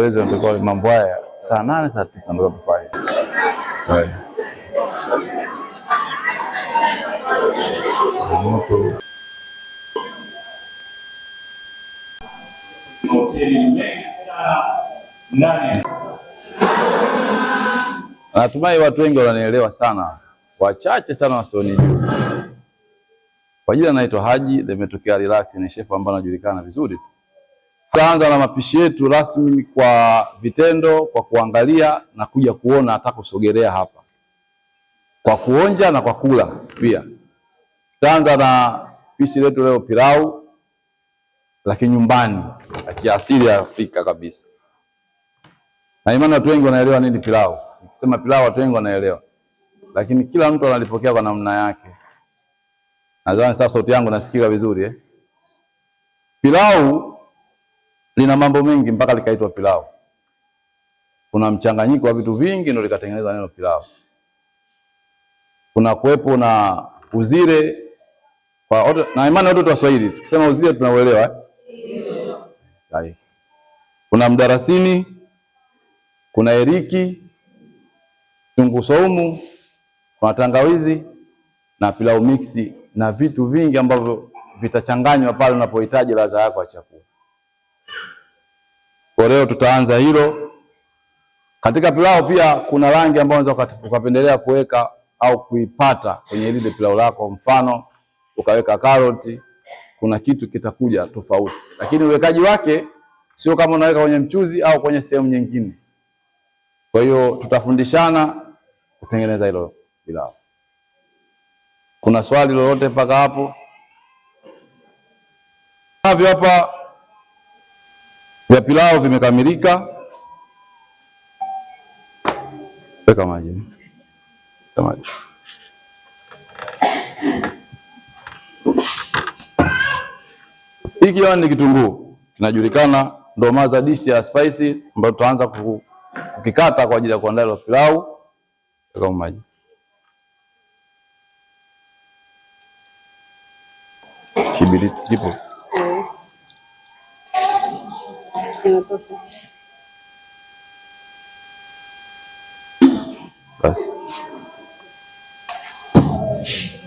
Wezi wanatoka mambo haya saa nane saa tisa ndio tufanye. Natumai watu wengi wananielewa sana, wachache sana wasionijua. Kwa jina naitwa Haji, nimetokea Relax, ni shefu ambaye anajulikana vizuri tu Tutaanza na mapishi yetu rasmi kwa vitendo, kwa kuangalia na kuja kuona, hata kusogelea hapa, kwa kuonja na kwa kula pia. Tutaanza na pishi letu leo, pilau la kinyumbani la kiasili ya Afrika kabisa, na imani watu wengi wanaelewa nini pilau. Nikisema pilau watu wengi wanaelewa, lakini kila mtu analipokea kwa namna yake. Nadhani sasa sauti yangu nasikika vizuri eh? Pilau lina mambo mengi mpaka likaitwa pilau. Kuna mchanganyiko wa vitu vingi ndio likatengeneza neno pilau. Kuna kuwepo na uzire kwa oto, na imani watu wa Swahili tukisema uzire tunauelewa eh? Sahi. Kuna mdarasini, kuna eriki, tungu saumu, kuna tangawizi na pilau mixi na vitu vingi ambavyo vitachanganywa pale unapohitaji ladha yako ya chakula. Kwa leo tutaanza hilo. Katika pilau pia kuna rangi ambayo unaweza ukapendelea kuweka au kuipata kwenye lile pilau lako, mfano ukaweka karoti, kuna kitu kitakuja tofauti, lakini uwekaji wake sio kama unaweka kwenye mchuzi au kwenye sehemu nyingine. Kwa hiyo tutafundishana kutengeneza hilo pilau. Kuna swali lolote mpaka hapo? hapa vya pilau vimekamilika. Weka maji, weka maji. Hiki ni kitunguu kinajulikana, ndo maza dish ya spicy ambayo tutaanza kukikata kwa ajili ya kuandaa ile pilau. Weka maji. Kibiriti kipo. Basi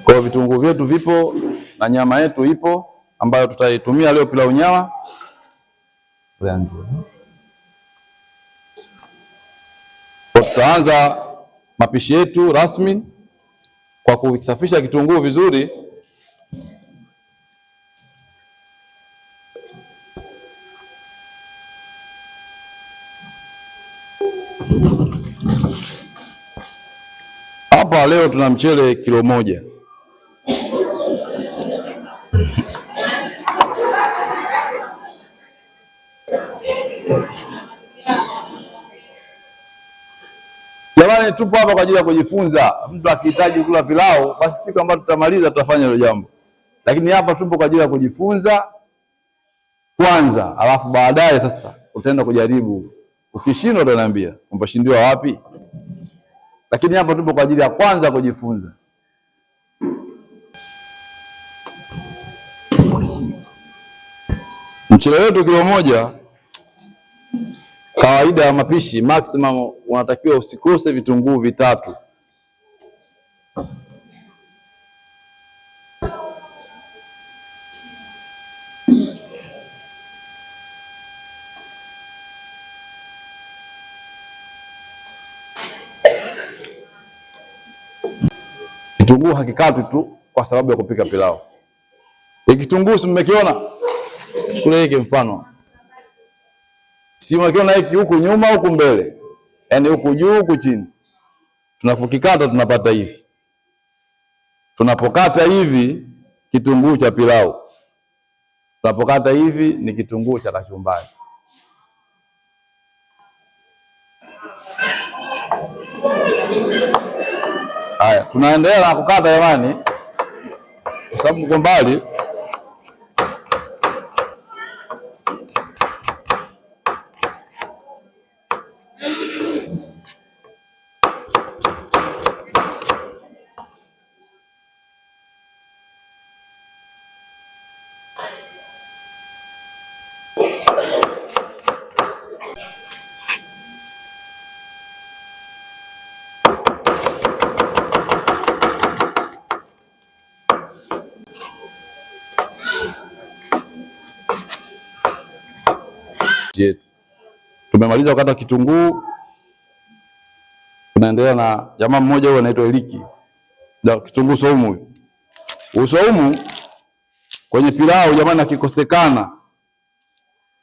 kwa vitunguu vyetu vipo na nyama yetu ipo ambayo tutaitumia leo pilau nyama. tutaanza mapishi yetu rasmi kwa kusafisha kitunguu vizuri. leo tuna mchele kilo moja Jamani, tupo hapa kwa ajili ya kujifunza. Mtu akihitaji kula pilau, basi siku ambayo tutamaliza tutafanya hilo jambo, lakini hapa tupo kwa ajili ya kujifunza kwanza, alafu baadaye sasa utaenda kujaribu. Ukishindwa utaniambia umeshindwa wapi lakini hapo tupo kwa ajili ya kwanza kujifunza. Mchele wetu kilo moja, kawaida ya mapishi maximum unatakiwa usikose vitunguu vitatu. hakikatwi tu kwa sababu ya kupika pilau. Ikitunguu si mmekiona? Chukulia hiki mfano. Si mmekiona hiki huku nyuma huku mbele. Yaani huku juu huku chini. Tunapokikata tunapata hivi. Tunapokata hivi kitunguu cha pilau. Tunapokata hivi ni kitunguu cha kachumbari. Haya, tunaendelea na kukata jamani, kwa sababu mko mbali. Ukimaliza kukata kitunguu, unaendelea na jamaa mmoja huyu anaitwa Eliki. Da kitunguu saumu huyu. Usaumu kwenye pilau jamani, akikosekana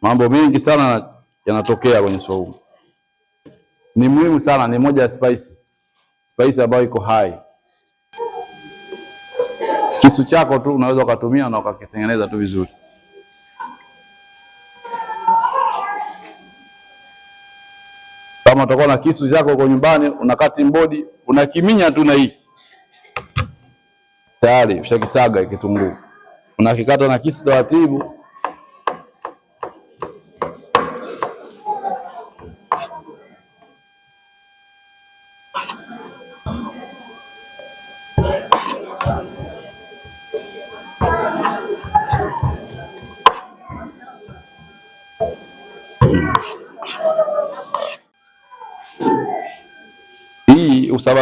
mambo mengi sana yanatokea kwenye saumu. Ni muhimu sana, ni moja ya spice. Spice ambayo iko hai. Kisu chako tu unaweza ukatumia na ukakitengeneza tu vizuri. kama utakuwa na kisu chako kwa nyumbani, unakati mbodi, unakiminya tu na hii tayari ushakisaga kitunguu, unakikata na kisu taratibu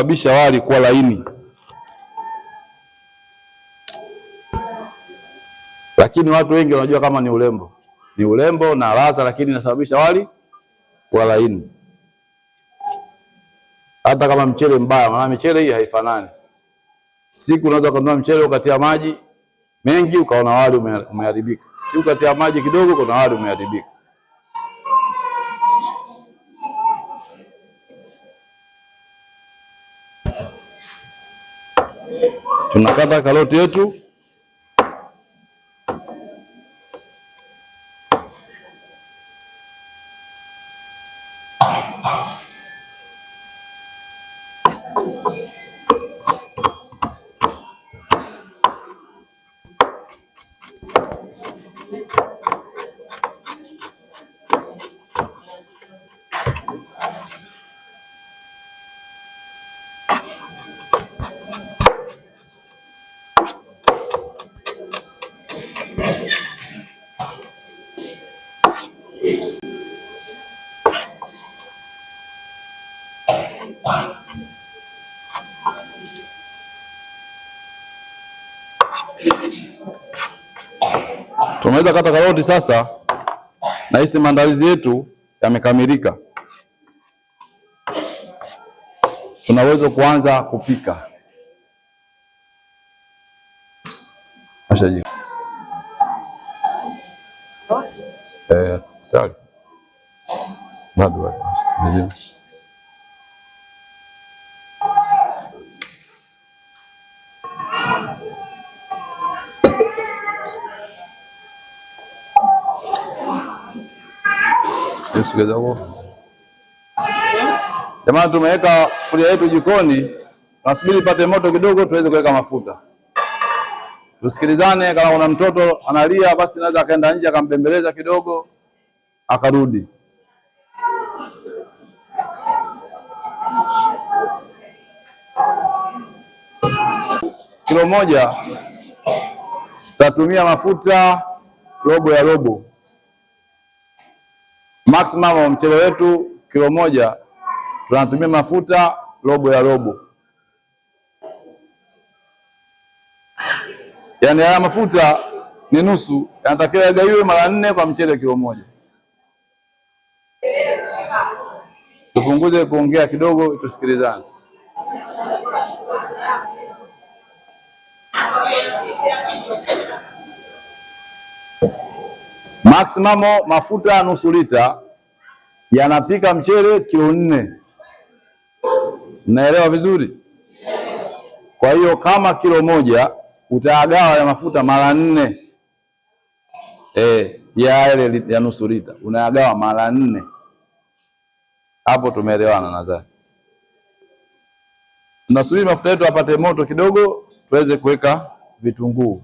kusababisha wali kuwa laini, lakini watu wengi wanajua kama ni urembo, ni urembo na ladha, lakini inasababisha wali kuwa laini. Hata kama mchele mbaya, maana mchele hii haifanani. Siku unaweza kununua mchele ukatia maji mengi ukaona wali umeharibika, siku ukatia maji kidogo, ukaona wali umeharibika. tunakata karoti yetu Tunaweza kata karoti sasa, na hisi maandalizi yetu yamekamilika. Tunaweza kuanza kupika. Eh, tayari. Bado. Sogeza huo. Jamani, tumeweka sufuria yetu jikoni, tunasubiri ipate moto kidogo tuweze kuweka mafuta. Tusikilizane, kama kuna mtoto analia, basi naweza akaenda nje akambembeleza kidogo akarudi. Kilo moja tatumia mafuta robo ya robo maximum mchele wetu kilo moja tunatumia mafuta robo ya robo. Yaani haya mafuta ni nusu, yanatakiwa yagawiwe mara nne kwa mchele kilo moja. Tupunguze kuongea kidogo, tusikilizane maximamo mafuta nusu lita yanapika mchele kilo nne. Naelewa vizuri? Kwa hiyo kama kilo moja utaagawa ya mafuta mara nne e, ya ile ya nusu lita unaagawa mara nne. Hapo tumeelewana nadhani. Tunasubiri mafuta yetu apate moto kidogo, tuweze kuweka vitunguu.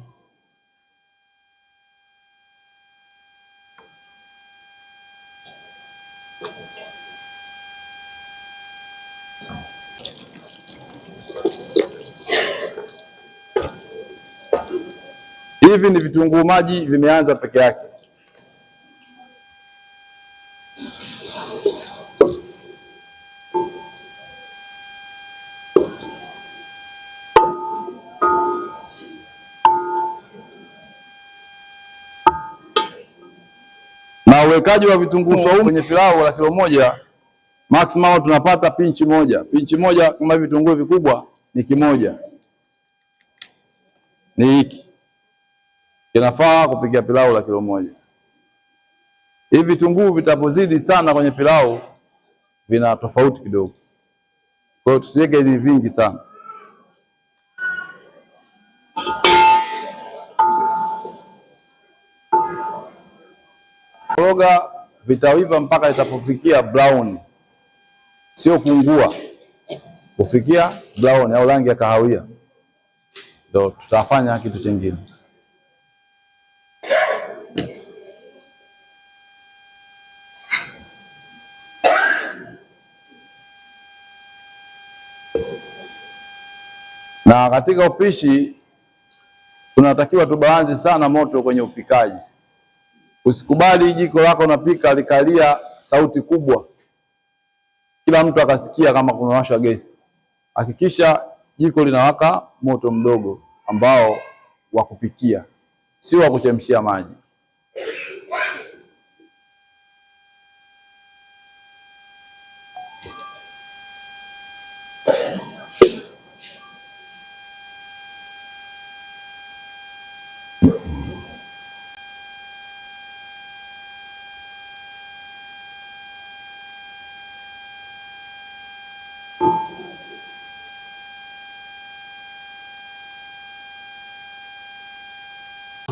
Hivi ni vitunguu maji vimeanza peke yake. Na uwekaji wa vitunguu saumu kwenye pilau la kilo moja maximum tunapata pinchi moja. Pinchi moja kama vitunguu vikubwa ni kimoja, ni hiki kinafaa kupikia pilau la kilo moja. Hivi vitunguu vitapozidi sana kwenye pilau vina tofauti kidogo, kwa hiyo tusiweke hivi vingi sana. Koroga vitawiva mpaka itapofikia brown, sio kungua, kufikia brown au rangi ya kahawia, ndio tutafanya kitu kingine. Na katika upishi tunatakiwa tubalansi sana moto kwenye upikaji. Usikubali jiko lako unapika likalia sauti kubwa, kila mtu akasikia kama kumewashwa gesi. Hakikisha jiko linawaka moto mdogo ambao wa kupikia, sio wa kuchemshia maji.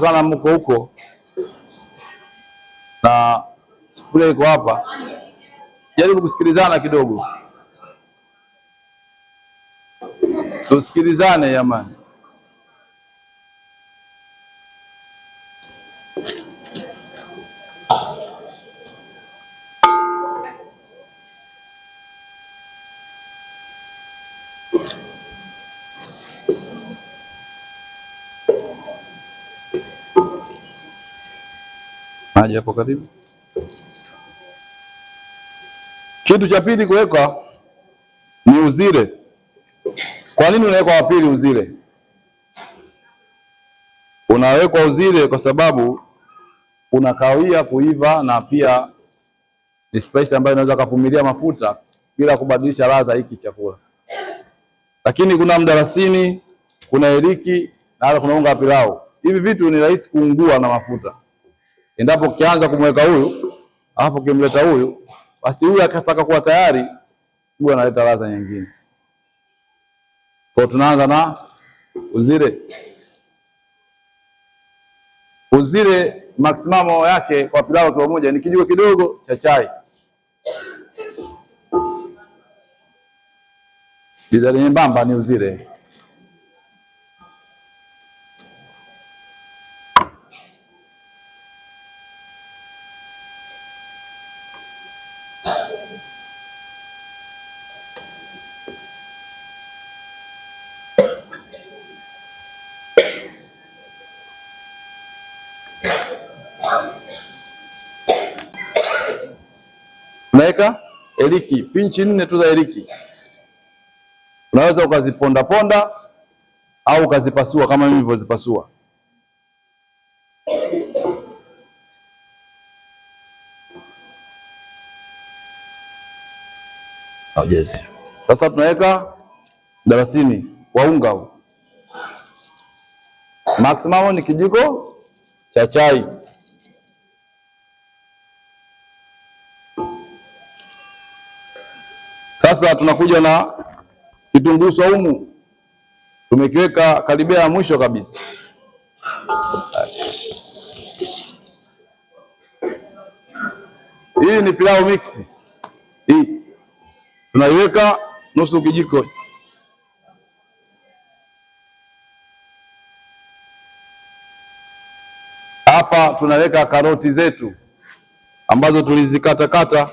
Sana mko huko na sufuria iko hapa, jaribu kusikilizana kidogo, tusikilizane jamani. moja karibu. Kitu cha pili kuwekwa ni uzile. Kwa nini unawekwa wa pili uzile? Unawekwa uzile kwa sababu unakawia kuiva na pia ni spice ambayo inaweza kuvumilia mafuta bila kubadilisha ladha hiki chakula. Lakini kuna mdalasini, kuna iliki na hata kuna unga wa pilau. Hivi vitu ni rahisi kuungua na mafuta. Endapo kianza kumweka huyu alafu ukimleta huyu, basi huyu akataka kuwa tayari, huyu analeta ladha nyingine. Kwa tunaanza na uzire uzire maksimamo yake kwa pilau kilo moja ni kijiko kidogo cha chai. Bizari nyembamba ni uzire unaweka eliki, pinchi nne tu za eliki. Unaweza ukaziponda ponda au ukazipasua kama mimi nilivyozipasua. Oh, yes. Sasa tunaweka darasini wa unga huu. Maximum ni kijiko cha chai. Sasa tunakuja na kitunguu saumu, tumekiweka karibia ya mwisho kabisa. Hii ni pilau mix, hii tunaiweka nusu kijiko hapa. Tunaweka karoti zetu ambazo tulizikatakata,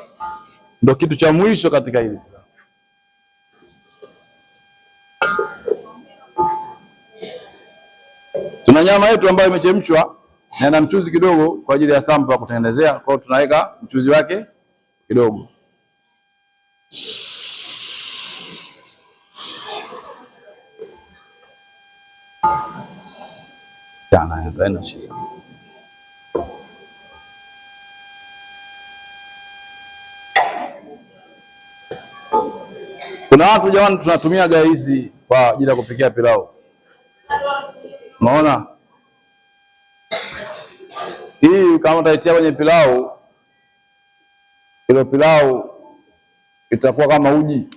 ndo kitu cha mwisho katika hili. nyama yetu ambayo imechemshwa na ina mchuzi kidogo kwa ajili ya ya kutengenezea, kwa hiyo tunaweka mchuzi wake kidogo. Kuna watu jamani, tunatumia gari hizi kwa ajili ya kupikia pilau. Unaona hii kama utaitia kwenye pilau, ilo pilau itakuwa kama uji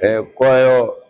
eh, kwa hiyo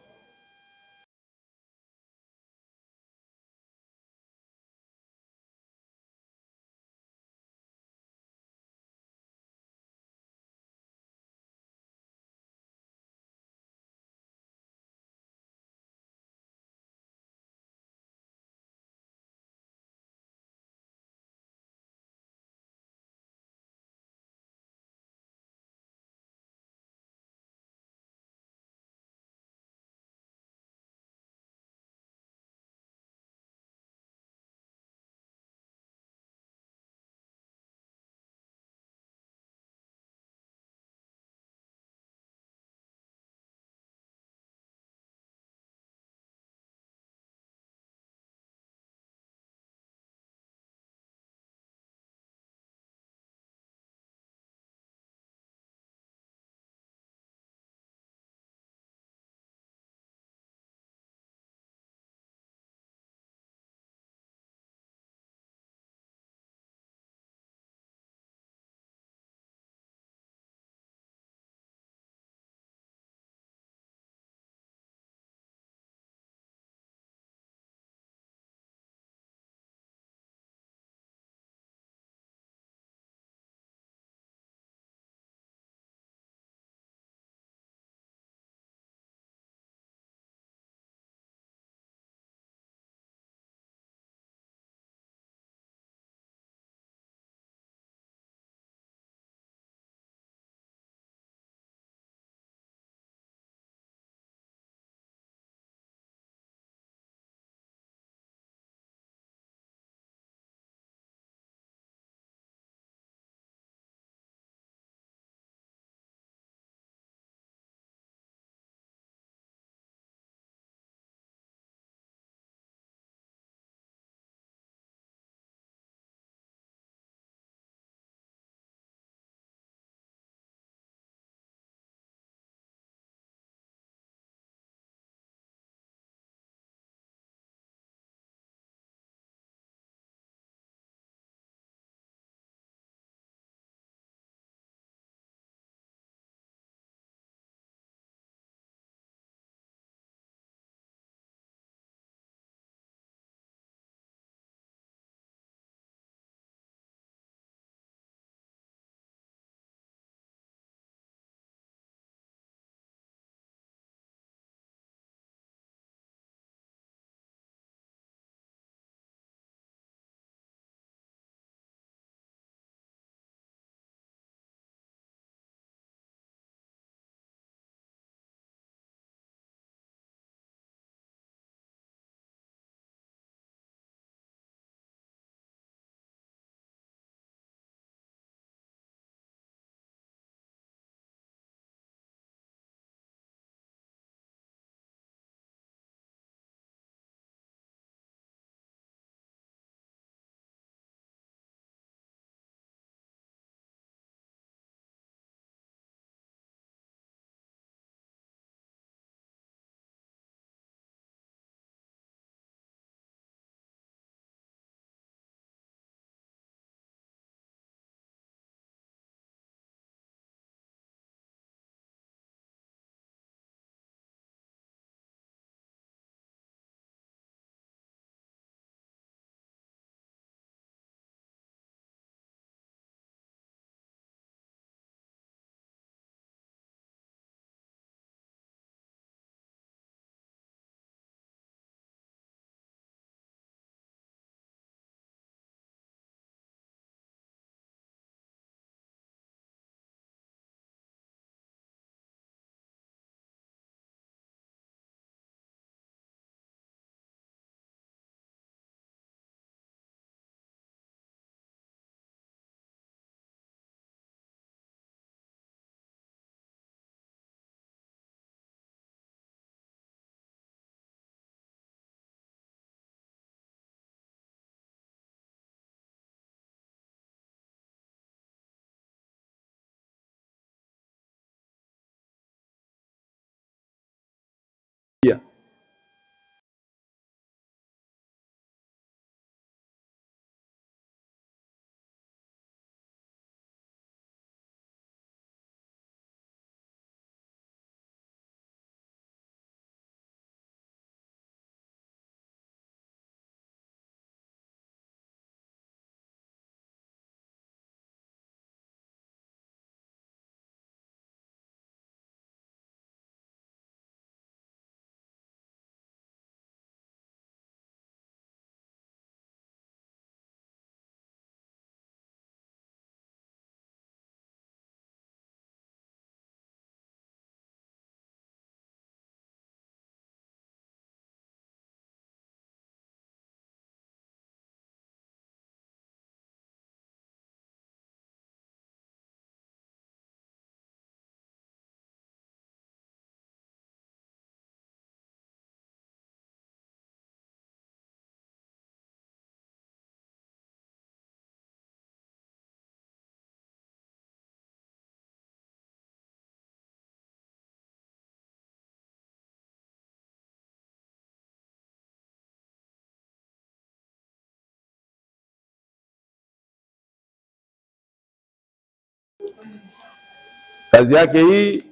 Kazi yake hii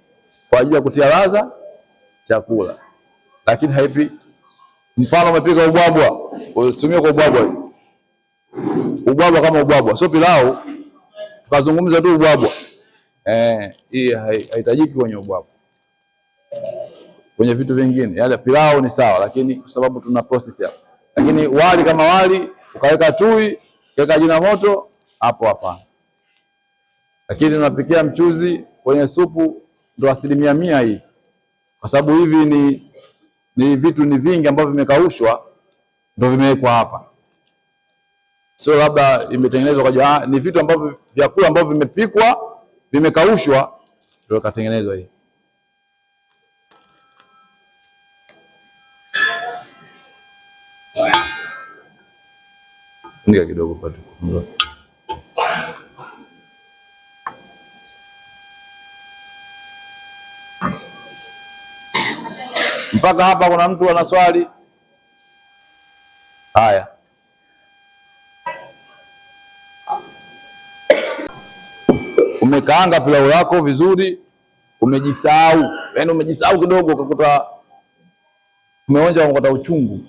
kwa ajili ya kutia ladha chakula, lakini haipi. Mfano, umepika ubwabwa, usitumie kwa ubwabwa. Ubwabwa kama ubwabwa, sio pilau tukazungumza tu ubwabwa. Eh, hii haihitajiki kwenye ubwabwa. Kwenye vitu vingine yale pilau ni sawa, lakini kwa sababu tuna process hapa. Lakini wali kama wali, ukaweka tui, ukaweka jina moto, hapo hapana lakini tunapikia mchuzi kwenye supu ndo asilimia mia hii, kwa sababu hivi ni, ni vitu ni vingi ambavyo vimekaushwa ndo vimewekwa hapa, sio labda imetengenezwa kwa, ni vitu ambavyo vyakula ambavyo vimepikwa vimekaushwa ndo katengenezwa hii. Ndio kidogo patu. Mpaka hapa kuna mtu ana swali? Haya, umekaanga pilau yako vizuri, umejisahau, yani umejisahau kidogo, ukakuta umeonja, ukakuta uchungu,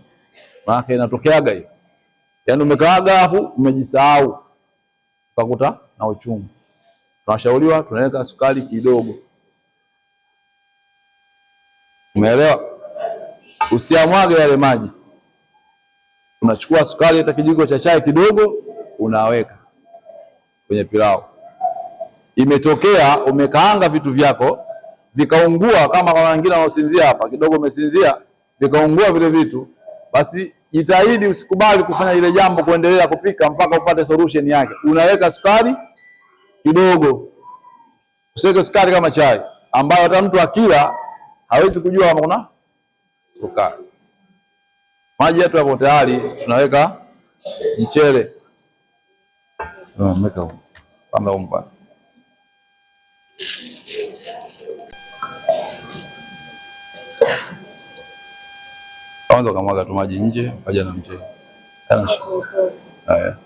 maana inatokeaga hiyo. Yani umekaaga afu umejisahau, ukakuta na uchungu, tunashauriwa tunaweka sukari kidogo. Umeelewa? Usiamwage yale maji. Unachukua sukari hata kijiko cha chai kidogo, unaweka kwenye pilau. Imetokea umekaanga vitu vyako vikaungua, kama kwa wengine wanaosinzia hapa kidogo, umesinzia vikaungua vile vitu, basi jitahidi usikubali kufanya ile jambo kuendelea kupika mpaka upate solution yake. Unaweka sukari kidogo, usiweke sukari kama chai ambayo hata mtu akila hawezi kujua kama kuna sukari. Maji yetu yapo tayari, tunaweka mchele kwanza. Kwanza kamwaga tu maji nje paja na mchele. Haya.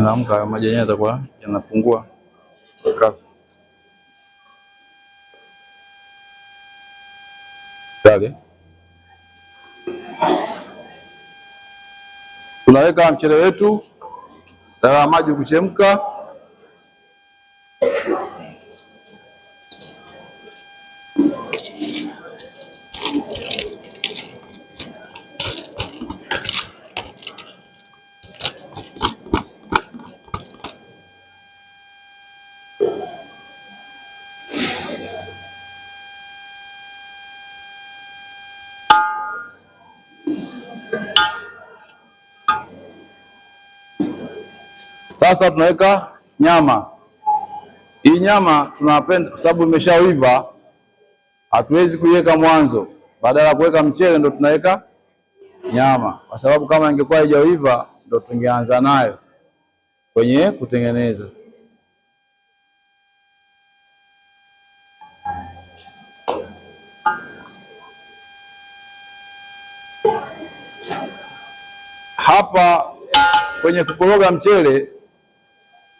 yanaamka, maji yenyewe yatakuwa yanapungua kasi. Tayari tunaweka mchele wetu, tawa maji kuchemka. Sasa tunaweka nyama. Hii nyama tunapenda sababu imeshaiva, hatuwezi kuiweka mwanzo. Badala ya kuweka mchele ndo tunaweka nyama, kwa sababu kama ingekuwa haijaiva ndo tungeanza nayo kwenye kutengeneza. Hapa kwenye kukoroga mchele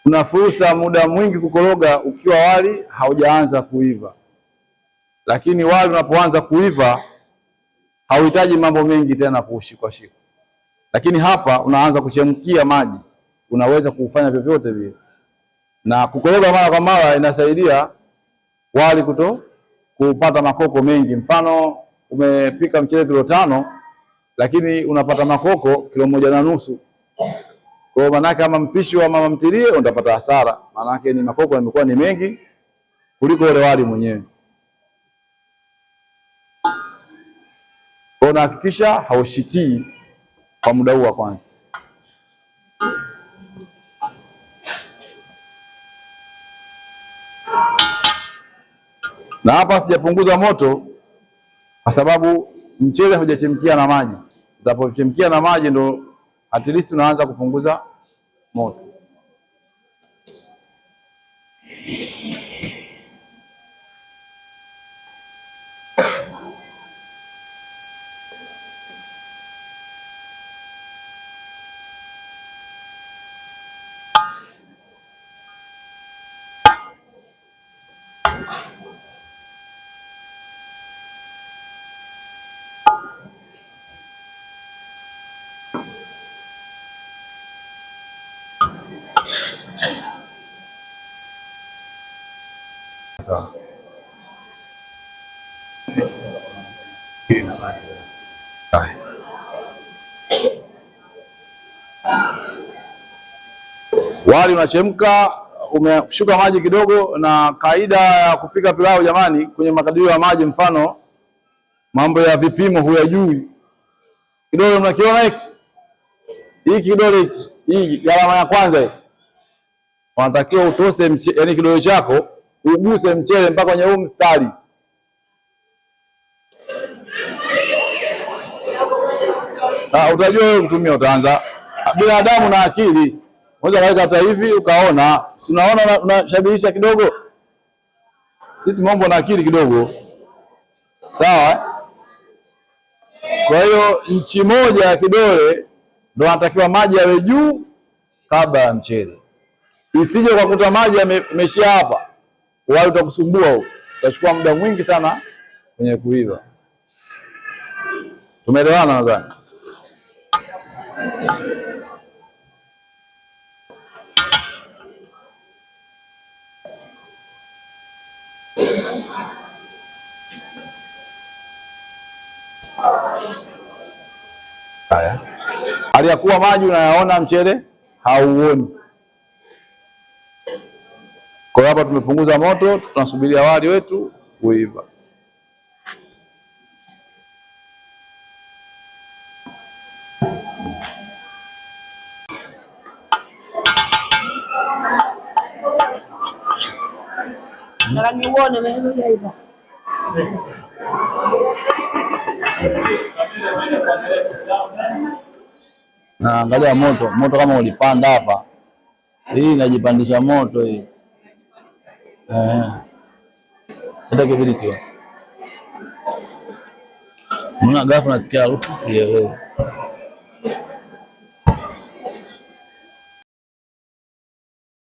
kuna fursa muda mwingi kukoroga ukiwa wali haujaanza kuiva, lakini wali unapoanza kuiva hauhitaji mambo mengi tena shiko, lakini hapa unaanza kuchemkia maji, unaweza kufanya vyovyote vile, na kukoroga mara kwa mara inasaidia wali kuto kupata makoko mengi. Mfano, umepika mchele kilo tano, lakini unapata makoko kilo moja na nusu. Kwa maana kama mpishi wa mama mtilie utapata hasara, maanake ni makoko yamekuwa ni mengi kuliko ule wali mwenyewe. Kwa unahakikisha haushikii kwa muda huu wa kwanza. Na hapa sijapunguza moto kwa sababu mchele hujachemkia na maji. Utapochemkia na maji ndo at least unaanza kupunguza 木。Wali unachemka, umeshuka maji kidogo. Na kaida ya kupika pilau, jamani, kwenye makadirio ya maji, mfano mambo ya vipimo huyajui. Kidole mnakiona hiki hiki, kidole hiki, alama ya kwanza hii wanatakiwa utose mche, yani kidole chako uguse mchele mpaka kwenye huu mstari. Ah, utajua wewe kutumia, utaanza binadamu na akili moja, kaweka hata hivi ukaona, si unaona, unashabihisha kidogo, si tumeomba na akili kidogo, sawa. Kwa hiyo nchi moja ya kidole ndo anatakiwa maji yawe juu kabla ya mchele isije kuta maji yameshia hapa, wao utakusumbua huko, utachukua muda mwingi sana kwenye kuiva. Tumeelewana nadhani. Haya, aliyakuwa maji unayaona, mchele hauoni. Kwa hapa tumepunguza moto, tunasubiria wali wetu kuiva. angalia moto moto, kama ulipanda hapa, hii inajipandisha moto hii hata eh. kivili tu, mbona ghafla nasikia harufu sielewi.